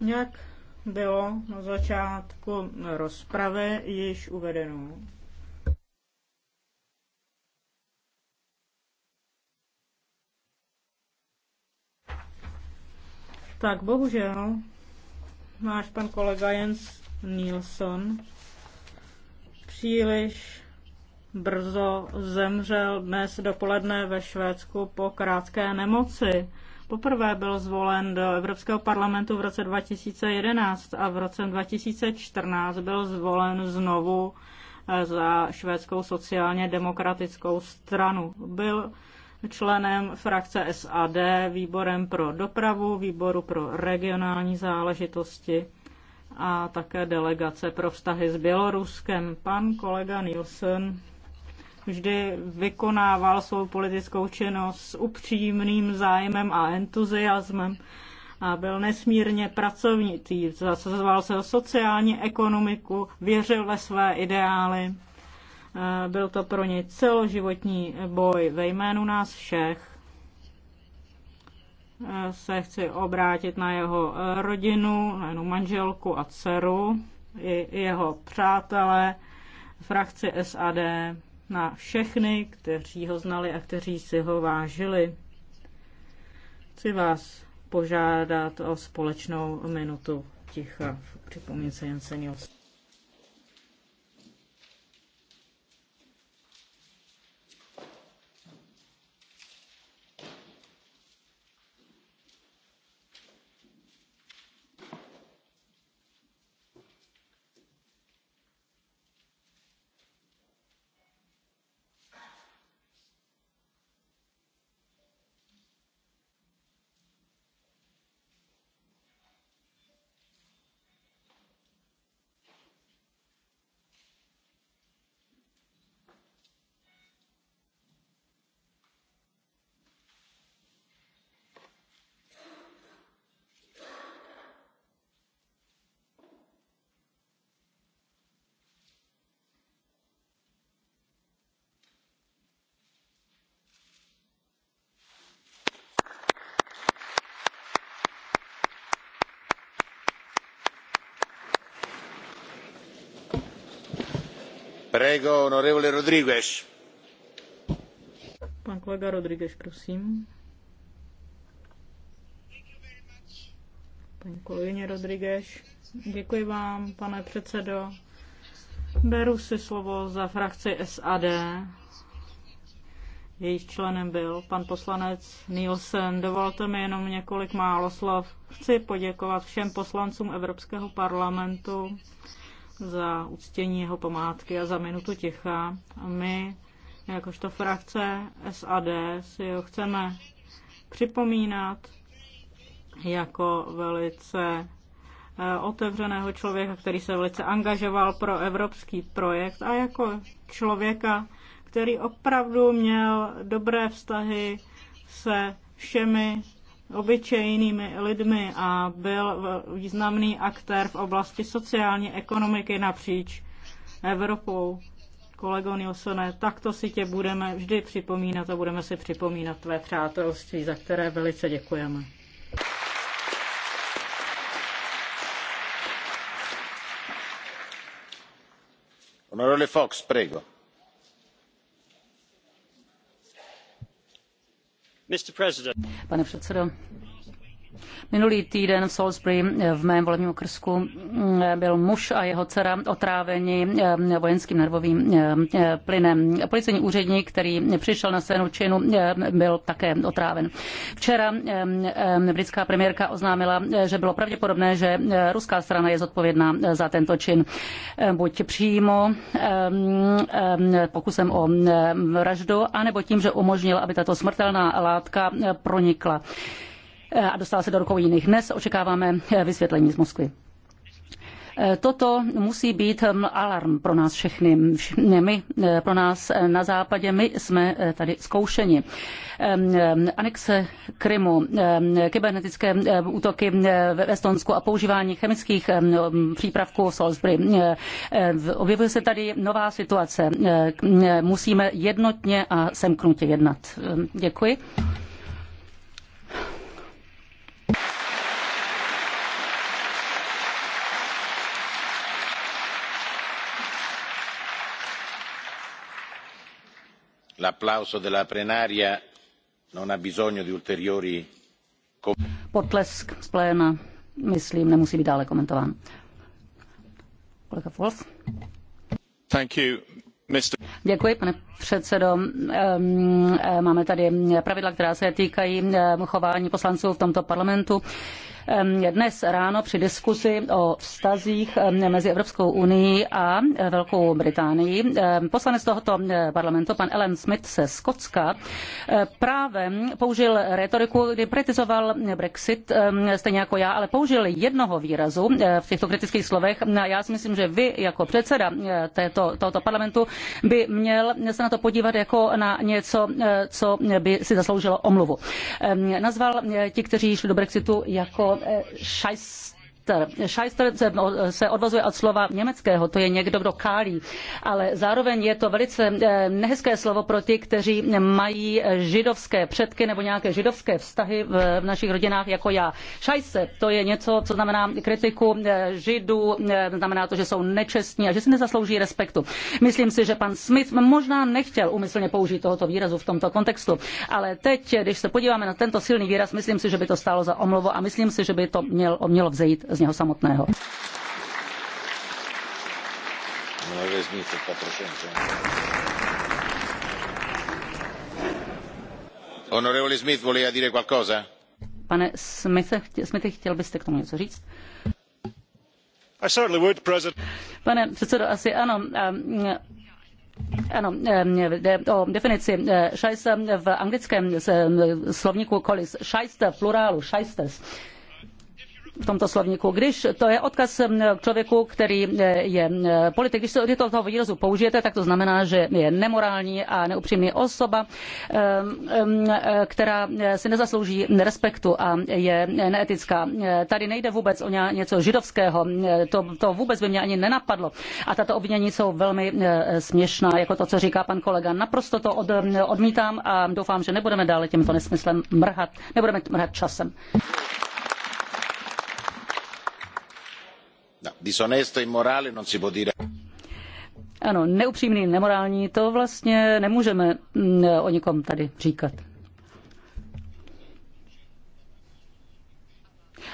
Jak bylo na začátku rozpravy již uvedeno, Tak bohužel náš pan kolega Jens Nilsson příliš brzo zemřel dnes dopoledne ve Švédsku po krátké nemoci poprvé byl zvolen do Evropského parlamentu v roce 2011 a v roce 2014 byl zvolen znovu eh, za švédskou sociálně demokratickou stranu. Byl členem frakce SAD, výborem pro dopravu, výboru pro regionální záležitosti a také delegace pro vztahy s Běloruskem. Pan kolega Nielsen vždy vykonával svou politickou činnost s upřímným zájmem a entuziasmem a byl nesmírně pracovnitý. Zasazoval se o sociální ekonomiku, věřil ve své ideály. Eh, byl to pro něj celoživotní boj ve jménu nás všech eh, se chci obrátit na jeho eh, rodinu, na jeho manželku a dceru, i jeho přátelé, frakci SAD, na všechny, kteří ho znali a kteří si ho vážili. Chci vás požádat o společnou minutu ticha v připomínce Jenseňovské. Pan kolega Rodriguez, prosím. Paní kolegyně Rodriguez, děkuji vám, pane předsedo. Beru si slovo za frakci SAD. Jejich členem byl pan poslanec Nielsen. Dovolte mi jenom několik málo slov. Chci poděkovat všem poslancům Evropského parlamentu za uctění jeho památky a za minutu ticha. A my, jakožto frakce SAD, si ho chceme připomínat jako velice eh, otevřeného člověka, který se velice angažoval pro evropský projekt a jako člověka, který opravdu měl dobré vztahy se všemi obyčejnými lidmi a byl významný aktér v oblasti sociální ekonomiky napříč Evropou. Kolego Nilsone, takto si tě budeme vždy připomínat a budeme si připomínat tvé přátelství, za které velice děkujeme. Honorable Fox, prego. pane předsedající Minulý týden v Salisbury eh, v mém volebním okrsku mm, byl muž a jeho dcera otráveni eh, vojenským nervovým eh, plynem. Policejní úředník, který přišel na scénu činu, byl také otráven. Včera britská premiérka oznámila, že bylo pravděpodobné, že ruská strana je zodpovědná za tento čin. Buď přímo pokusem o vraždu, anebo tím, že umožnil, aby tato smrtelná látka pronikla Eh, a dostala se do rukou jiných. Dnes očekáváme eh, vysvětlení z Moskvy. Eh, toto musí být mm, alarm pro nás všechny. My, pro nás na západě, my jsme tady zkoušeni. Anexe Krymu, kybernetické útoky v Estonsku a používání chemických přípravků v Salisbury. Objevuje se tady nová situace. Musíme jednotně a semknutě jednat. Děkuji. l'applauso della plenaria non ha bisogno di ulteriori Potlesk z pléna, myslím, nemusí být dále komentován. Děkuji, pane předsedo. Máme tady pravidla, která se týkají chování poslanců v tomto parlamentu. Ehm, dnes ráno při diskuzi o vztazích ehm, mezi Evropskou unii a eh, Velkou Británií. Ehm, poslanec tohoto eh, parlamentu, pan Ellen Smith se Skotska, eh, právě použil retoriku, kdy kritizoval Brexit, stejně jako já, ale použil jednoho výrazu v těchto kritických slovech. A já si myslím, že vy jako předseda této, tohoto parlamentu by měl se na to podívat jako na něco, co by si zasloužilo omluvu. Nazval ti, kteří šli do Brexitu jako šajst Scheister. Scheister se, se odvozuje od slova německého, to je někdo, kdo kálí, ale zároveň je to velice eh, nehezké slovo pro ty, kteří mají židovské předky nebo nějaké židovské vztahy v, v našich rodinách jako já. Scheister, to je něco, co znamená kritiku eh, židů, eh, znamená to, že jsou nečestní a že si nezaslouží respektu. Myslím si, že pan Smith možná nechtěl úmyslně použít tohoto výrazu v tomto kontextu, ale teď, když se podíváme na tento silný výraz, myslím si, že by to stálo za omluvu a myslím si, že by to mělo, mělo vzejít z něho samotného. Honorable Smith, voleva dire qualcosa? Pane Smithe, Smith, chtěl byste k tomu něco říct? I certainly would, President. Pane předsedo, asi ano. Ehm, ano, ehm, jde o definici šajsta eh, eh, v anglickém eh, slovníku kolis. Šajsta plurálu, šajstes v tomto slovníku. Když to je odkaz k eh, člověku, který eh, je eh, politik, když se toho výrazu použijete, tak to znamená, že je nemorální a neupřímný osoba, ehm, ehm, která si nezaslouží respektu a je neetická. Tady nejde vůbec o něco židovského, to, to vůbec by mě ani nenapadlo. A tato obvinění jsou velmi směšná, jako to, co říká pan kolega. Naprosto to od, odmítám a doufám, že nebudeme dále tímto nesmyslem mrhat, nebudeme mrhat časem. disonesto, immorale non si può dire. Ano, neupřímný, nemorální, to vlastně nemůžeme mm, o nikom tady říkat.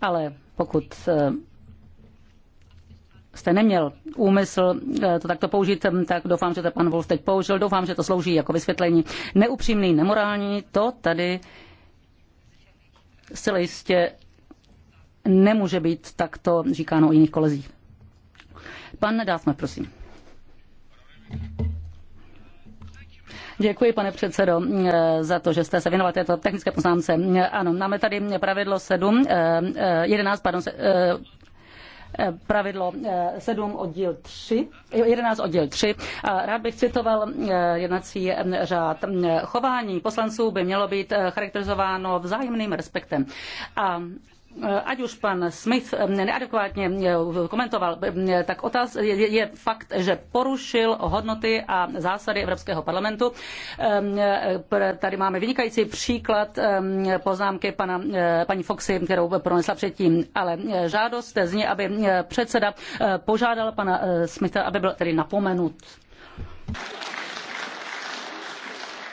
Ale pokud eh, jste neměl úmysl eh, to takto použít, mm, tak doufám, že to pan Wolf teď použil. Doufám, že to slouží jako vysvětlení. Neupřímný, nemorální, to tady zcela jistě nemůže být takto říkáno o jiných kolezích. Pan Dátmar, prosím. Děkuji, pane předsedo, eh, za to, že jste se věnoval této technické poznámce. Eh, ano, máme tady pravidlo 7, 11, eh, pardon, pravidlo 7 oddíl 3, 11 oddíl 3. A rád bych citoval jednací řád. Chování poslanců by mělo být charakterizováno vzájemným respektem. A Eh, ať už pan Smith eh, neadekvátně eh, komentoval, tak otáz je, fakt, že porušil hodnoty a zásady Evropského parlamentu. Ehm, tady máme vynikající příklad ehm, poznámky pana, paní Foxy, kterou pronesla předtím, ale žádost zní, aby předseda požádal pana Smitha, aby byl tedy napomenut.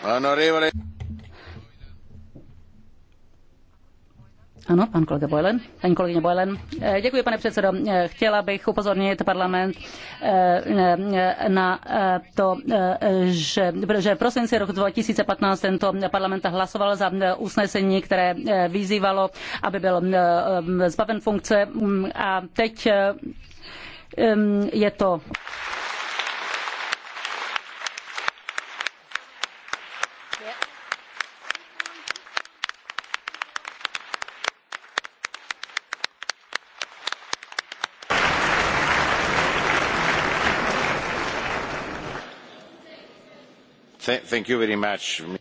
Honorable. Ano, pan kolega Boylen. Paní kolegyně Boylen. Eh, děkuji, pane předsedo. Eh, chtěla bych upozornit parlament eh, na to, že, v prosinci roku 2015 tento parlament hlasoval za usnesení, které vyzývalo, aby byl zbaven funkce mm, a teď je to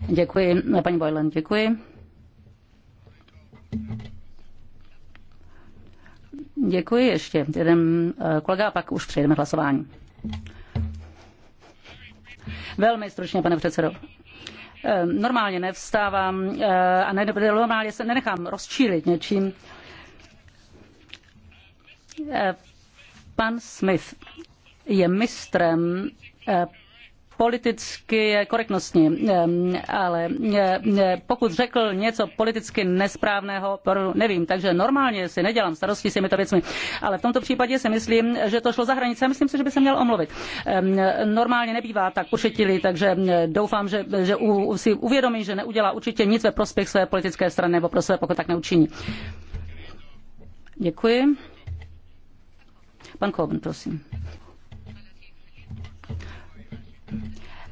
Děkuji, paní Boylan, děkuji. Děkuji ještě. Jeden eh, kolega a pak už přejdeme k hlasování. Velmi stručně, pane předsedo. Eh, normálně nevstávám eh, a ne, normálně se nenechám rozčílit něčím. Pan Smith je mistrem politicky korektnostní, ehm, ale ehm, pokud řekl něco politicky nesprávného, nevím, takže normálně si nedělám starosti s těmito věcmi, ale v tomto případě si myslím, že to šlo za hranice a myslím si, že by se měl omluvit. Ehm, normálně nebývá tak pošetilý, takže doufám, že, že u, si uvědomí, že neudělá určitě nic ve prospěch své politické strany nebo pro své, pokud tak neučiní. Děkuji. Pan Coben, prosím.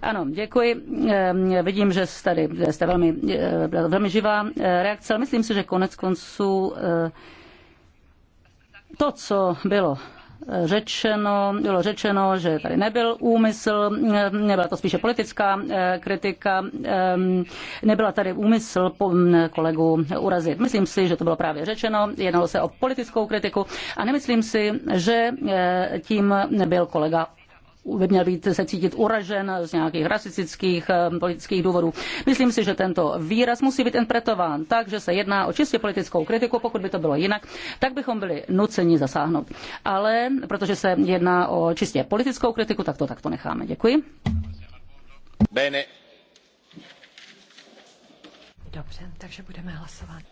Ano, děkuji. Ehm, vidím, že tady jste velmi, eh, velmi živá eh, reakce, ale myslím si, že konec konců eh, to, co bylo řečeno, bylo řečeno, že tady nebyl úmysl, nebyla to spíše politická kritika, ehm, nebyla tady úmysl hm, kolegu urazit. Myslím si, že to bylo právě řečeno, jednalo se o politickou kritiku a nemyslím si, že tím nebyl kolega by měl být se cítit uražen z nějakých rasistických eh, politických důvodů. Myslím si, že tento výraz musí být interpretován tak, že se jedná o čistě politickou kritiku, pokud by to bylo jinak, tak bychom byli nuceni zasáhnout. Ale protože se jedná o čistě politickou kritiku, tak to takto necháme. Děkuji. Bene. Dobře, takže budeme hlasovat.